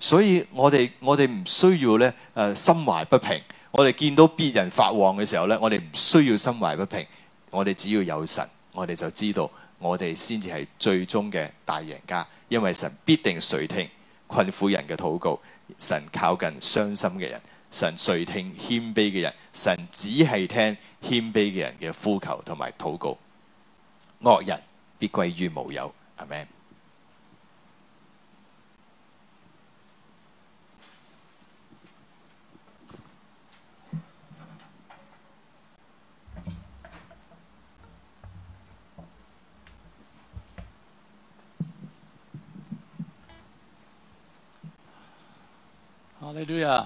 所以我哋我哋唔需要呢誒、啊、心懷不平。我哋見到別人發旺嘅時候呢，我哋唔需要心懷不平。我哋只要有神，我哋就知道我哋先至係最終嘅大贏家。因為神必定垂聽困苦人嘅禱告，神靠近傷心嘅人。神垂聽謙卑嘅人，神只係聽謙卑嘅人嘅呼求同埋禱告，惡人必歸於無有。阿門。好，哈利路亞！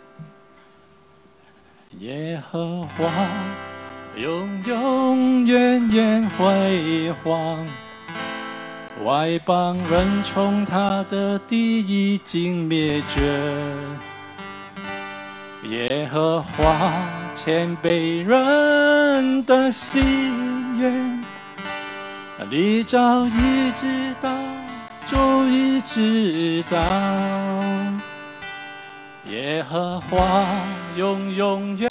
耶和華永永遠遠輝煌，外邦人從他的地已經滅絕。耶和華謙卑人的心願，你早已知道，終於知道。耶和華永永遠。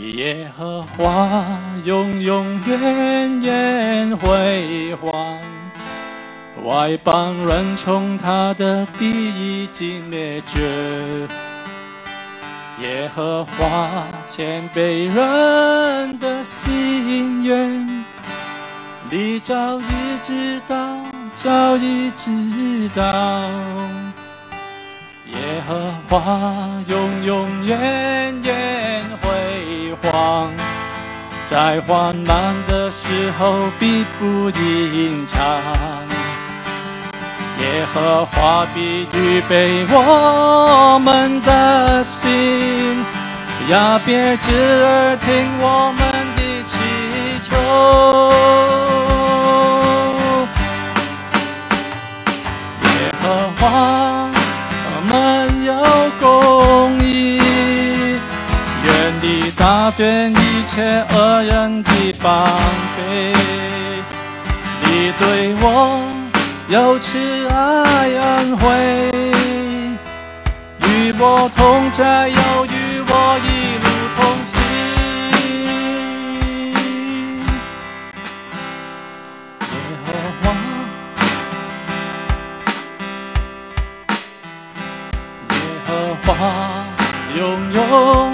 耶和華永永遠遠輝煌，外邦人從他的地已經滅絕。耶和華謙卑人的心願，你早已知道，早已知道。耶和華永永遠遠輝在患難的時候，必不隱藏。耶和華必預備我們的心，要側耳聽我們的祈求。耶和華。打遍一切惡人的膀臂，你對我有慈愛恩惠，與我同在，又與我一路同行。耶和華，耶和華擁有。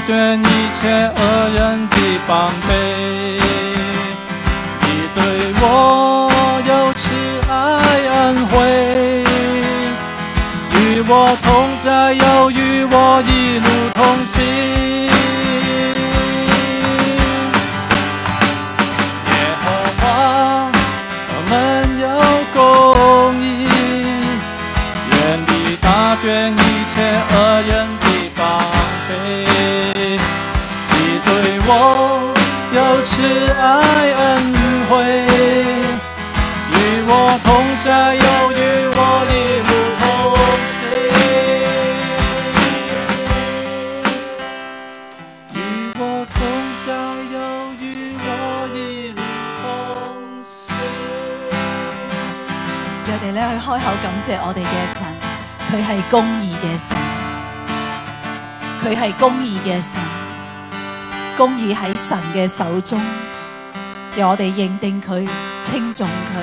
對一切惡人的防備，你對我有慈愛恩惠，與我同在，又與我一路同行。我同在，又與我一路同行。與我同在，又與我一路同行。讓我哋咧去開口感謝我哋嘅神，佢係公義嘅神，佢係公義嘅神，公義喺神嘅手中，由我哋認定佢，稱重佢。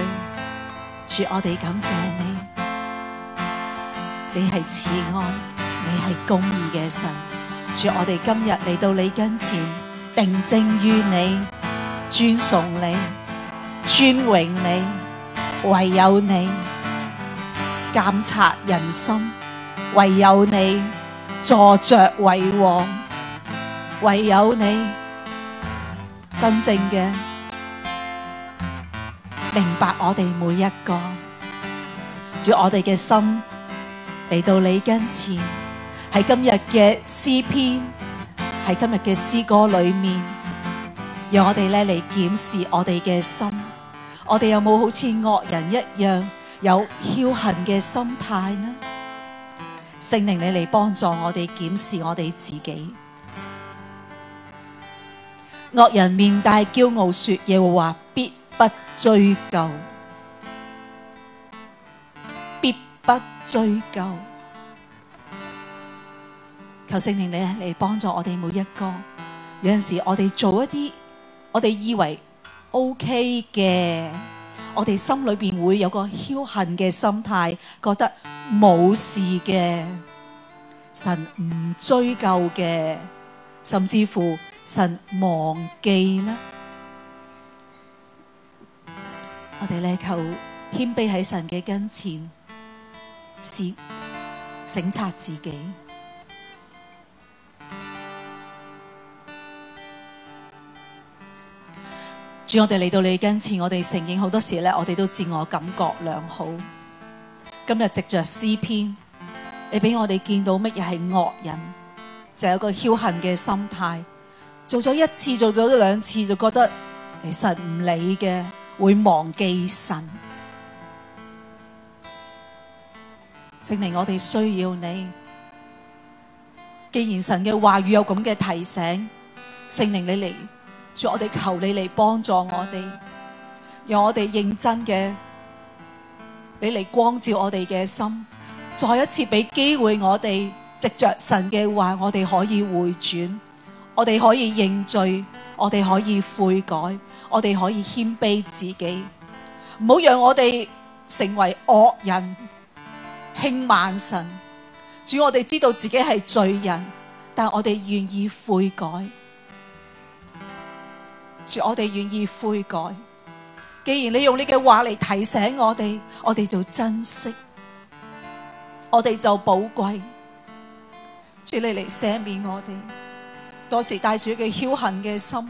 主，我哋感謝你，你係慈愛，你係公義嘅神。主，我哋今日嚟到你跟前，定睛於你，尊崇你，尊榮你，唯有你，鑑察人心，唯有你，坐着為王，唯有你，真正嘅。明白我哋每一個，主，我哋嘅心嚟到你跟前，喺今日嘅詩篇，喺今日嘅詩歌裏面，讓我哋咧嚟檢視我哋嘅心，我哋有冇好似惡人一樣有僥倖嘅心態呢？聖靈你嚟幫助我哋檢視我哋自己，惡人面帶驕傲說嘢話必，不追究，必不追究。求聖靈你嚟幫助我哋每一個。有陣時我哋做一啲我哋以為 OK 嘅，我哋心裏邊會有個僥倖嘅心態，覺得冇事嘅，神唔追究嘅，甚至乎神忘記咧。我哋呢，求謙卑喺神嘅跟前，是省察自己。主，我哋嚟到你跟前，我哋承認好多時咧，我哋都自我感覺良好。今日藉着詩篇，你俾我哋見到乜嘢係惡人，就有、是、一個僥倖嘅心態。做咗一次，做咗兩次，就覺得其實唔理嘅。會忘記神，聖靈我哋需要你。既然神嘅話語有咁嘅提醒，聖靈你嚟，我哋求你嚟幫助我哋，讓我哋認真嘅，你嚟光照我哋嘅心，再一次俾機會我哋藉着神嘅話，我哋可以回轉，我哋可以認罪，我哋可以悔改。我哋可以謙卑自己，唔好讓我哋成為惡人、輕慢神。主，我哋知道自己係罪人，但我哋願意悔改。主，我哋願意悔改。既然你用你嘅話嚟提醒我哋，我哋就珍惜，我哋就寶貴。主，你嚟赦免我哋，多時帶住一個僥倖嘅心。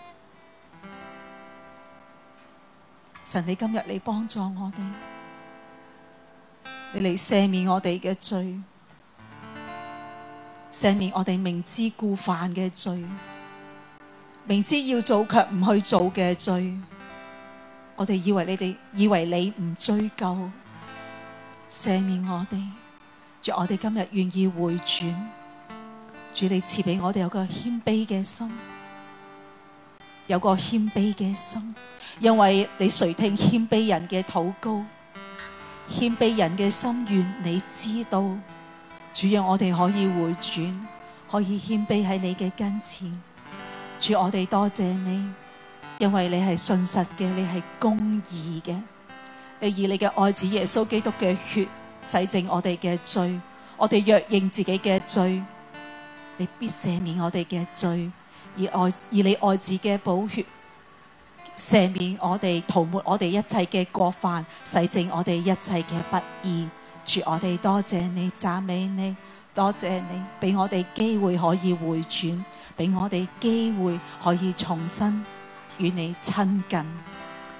神，你今日嚟幫助我哋，你嚟赦免我哋嘅罪，赦免我哋明知故犯嘅罪，明知要做卻唔去做嘅罪，我哋以為你哋以為你唔追究，赦免我哋，主我哋今日願意回轉，主你賜俾我哋有個謙卑嘅心。有個謙卑嘅心，因為你垂聽謙卑人嘅禱告，謙卑人嘅心願你知道，主要我哋可以回轉，可以謙卑喺你嘅跟前。主我哋多謝你，因為你係信實嘅，你係公義嘅，你以你嘅愛子耶穌基督嘅血洗淨我哋嘅罪，我哋若認自己嘅罪，你必赦免我哋嘅罪。以愛以你愛子嘅寶血赦免我哋，塗抹我哋一切嘅過犯，洗淨我哋一切嘅不義，主，我哋多謝你，讚美你，多謝你畀我哋機會可以回轉，畀我哋機會可以重新與你親近，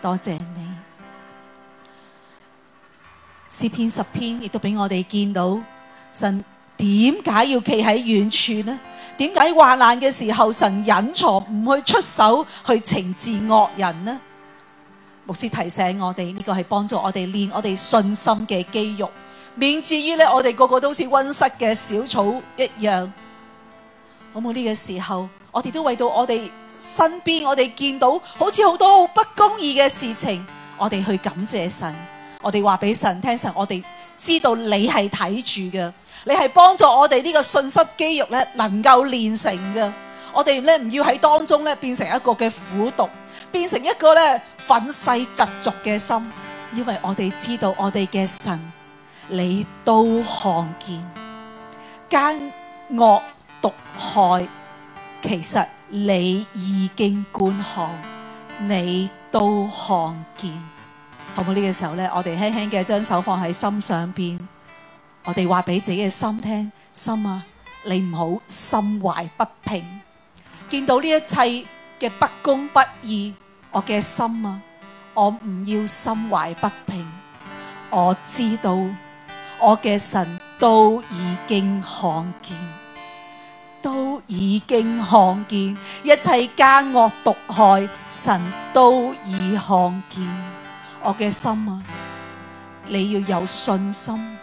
多謝你。詩篇十篇亦都畀我哋見到神。點解要企喺遠處呢？點解患難嘅時候神隱藏唔去出手去懲治惡人呢？牧師提醒我哋呢個係幫助我哋練我哋信心嘅肌肉，免至於咧，我哋個個都似温室嘅小草一樣。好冇？呢個時候，我哋都為到我哋身邊，我哋見到好似好多好不公義嘅事情，我哋去感謝神，我哋話俾神聽神，神我哋知道你係睇住嘅。你係幫助我哋呢個信心肌肉咧，能夠練成嘅。我哋咧唔要喺當中咧變成一個嘅苦毒，變成一個咧憤世嫉俗嘅心，因為我哋知道我哋嘅神，你都看見奸惡毒害，其實你已經觀看，你都看見，好唔好？呢、這個時候咧，我哋輕輕嘅將手放喺心上邊。我哋話俾自己嘅心聽，心啊，你唔好心懷不平。見到呢一切嘅不公不義，我嘅心啊，我唔要心懷不平。我知道我嘅神都已經看見，都已經看見。一切奸惡毒害，神都已看見。我嘅心啊，你要有信心。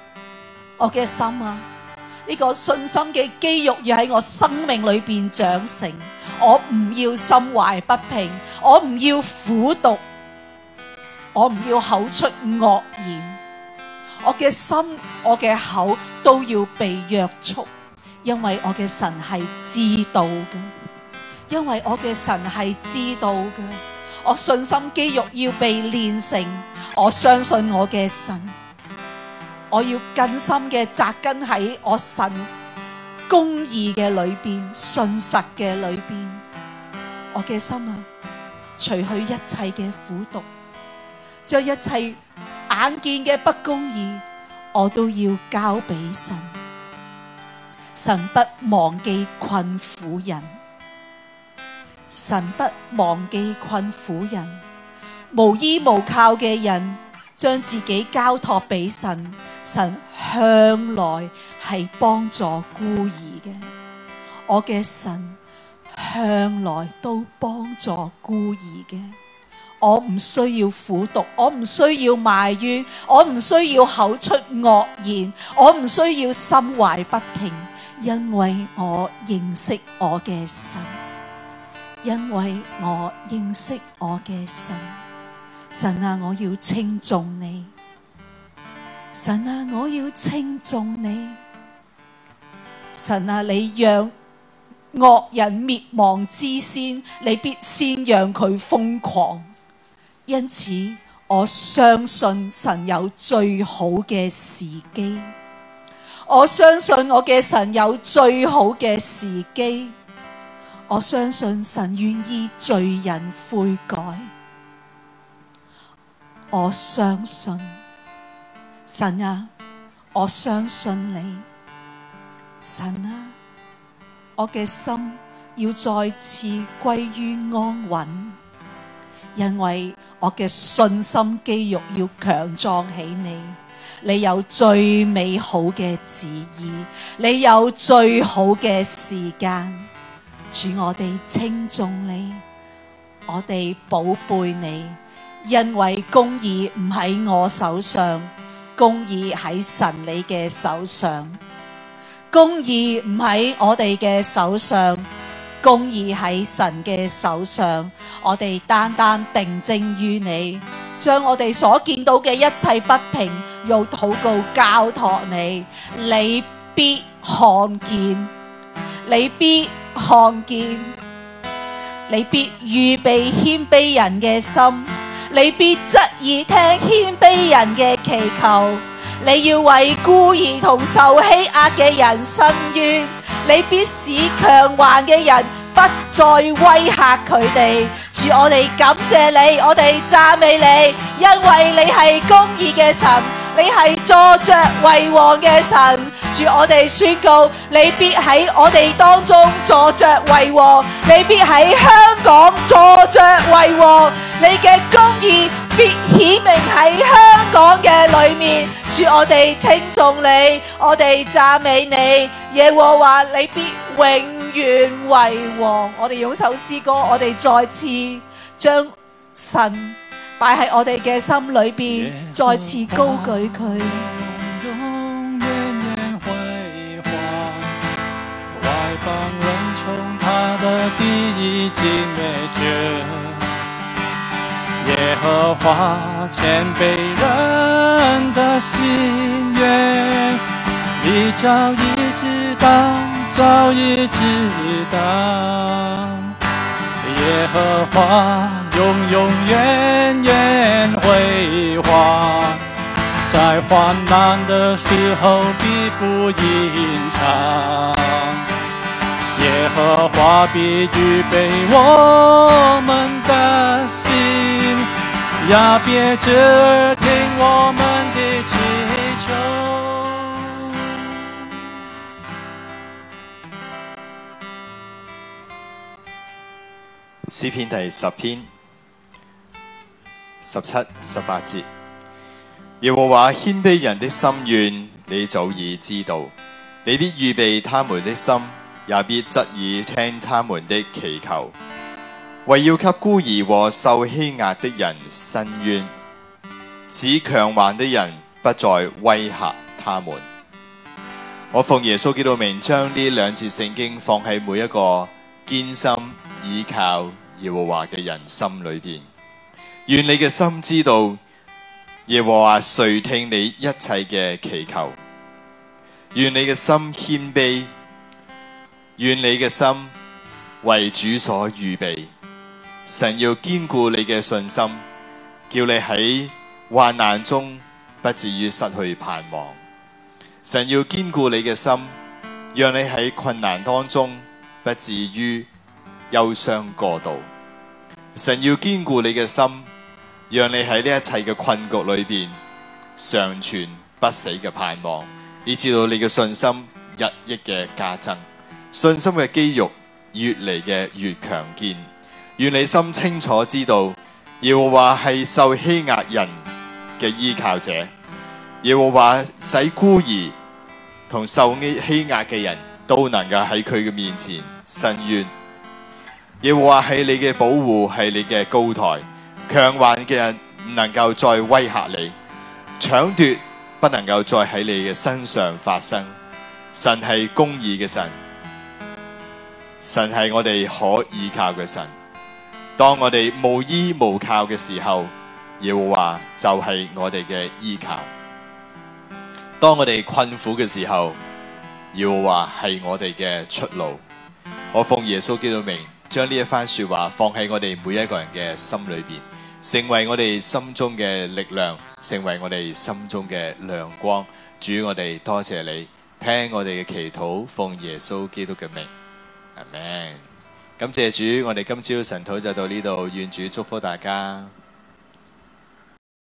我嘅心啊，呢個信心嘅肌肉要喺我生命裏邊長成。我唔要心懷不平，我唔要苦毒，我唔要口出惡言。我嘅心，我嘅口都要被約束，因為我嘅神係知道嘅。因為我嘅神係知道嘅，我信心肌肉要被練成。我相信我嘅神。我要更深嘅扎根喺我神公義嘅裏邊，信實嘅裏邊。我嘅心啊，除去一切嘅苦毒，將一切眼見嘅不公義，我都要交俾神。神不忘記困苦人，神不忘記困苦人，無依無靠嘅人。將自己交託俾神，神向來係幫助孤兒嘅。我嘅神向來都幫助孤兒嘅。我唔需要苦毒，我唔需要埋怨，我唔需要口出惡言，我唔需要心懷不平，因為我認識我嘅神，因為我認識我嘅神。神啊，我要稱頌你！神啊，我要稱頌你！神啊，你讓惡人滅亡之先，你必先讓佢瘋狂。因此，我相信神有最好嘅時機。我相信我嘅神有最好嘅時機。我相信神願意罪人悔改。我相信神啊！我相信你，神啊！我嘅心要再次歸於安穩，因為我嘅信心肌肉要強壯起你。你有最美好嘅旨意，你有最好嘅時間，主，我哋稱重你，我哋寶貝你。因為公義唔喺我手上，公義喺神你嘅手上。公義唔喺我哋嘅手上，公義喺神嘅手上。我哋單單定睛於你，將我哋所見到嘅一切不平，用禱告交託你，你必看見，你必看見，你必預備謙卑人嘅心。你必側耳聽謙卑人嘅祈求，你要為孤兒同受欺壓嘅人伸冤，你必使強橫嘅人不再威嚇佢哋。主，我哋感謝你，我哋讚美你，因為你係公義嘅神。你係坐着為王嘅神，主，我哋宣告，你必喺我哋當中坐着為王，你必喺香港坐着為王，你嘅公義必顯明喺香港嘅裏面，主，我哋稱重你，我哋讚美你，耶和華，你必永遠為王。我哋用首詩歌，我哋再次將神。擺喺我哋嘅心裏邊，願人再次高舉佢。願耶和華永永遠遠為王，在患難的時候必不隱藏。耶和華必預備我們的心，也必側耳聽我們。詩篇第十篇十七、十八節，耶和華謙卑人的心願，你早已知道，你必預備他們的心，也必側耳聽他們的祈求，為要給孤兒和受欺壓的人伸冤，使強橫的人不再威嚇他們。我奉耶穌基督名，將呢兩節聖經放喺每一個堅心。依靠耶和華嘅人心裏邊，願你嘅心知道耶和華垂聽你一切嘅祈求。願你嘅心謙卑，願你嘅心為主所預備。神要堅固你嘅信心，叫你喺患難中不至於失去盼望。神要堅固你嘅心，讓你喺困難當中不至於。憂傷過度，神要堅固你嘅心，讓你喺呢一切嘅困局裏邊，常存不死嘅盼望，以至到你嘅信心日益嘅加增，信心嘅肌肉越嚟嘅越強健。願你心清楚知道，耶和華係受欺壓人嘅依靠者，耶和華使孤兒同受欺欺壓嘅人都能夠喺佢嘅面前申冤。神願耶和華係你嘅保護，係你嘅高台。強橫嘅人唔能夠再威嚇你，搶奪不能夠再喺你嘅身上發生。神係公義嘅神，神係我哋可依靠嘅神。當我哋無依無靠嘅時候，耶和華就係我哋嘅依靠。當我哋困苦嘅時候，耶和華係我哋嘅出路。我奉耶穌基督名。將呢一番說話放喺我哋每一個人嘅心裏面，成為我哋心中嘅力量，成為我哋心中嘅亮光。主，我哋多謝你，聽我哋嘅祈禱，奉耶穌基督嘅名，阿門。感謝主，我哋今朝神徒就到呢度，願主祝福大家。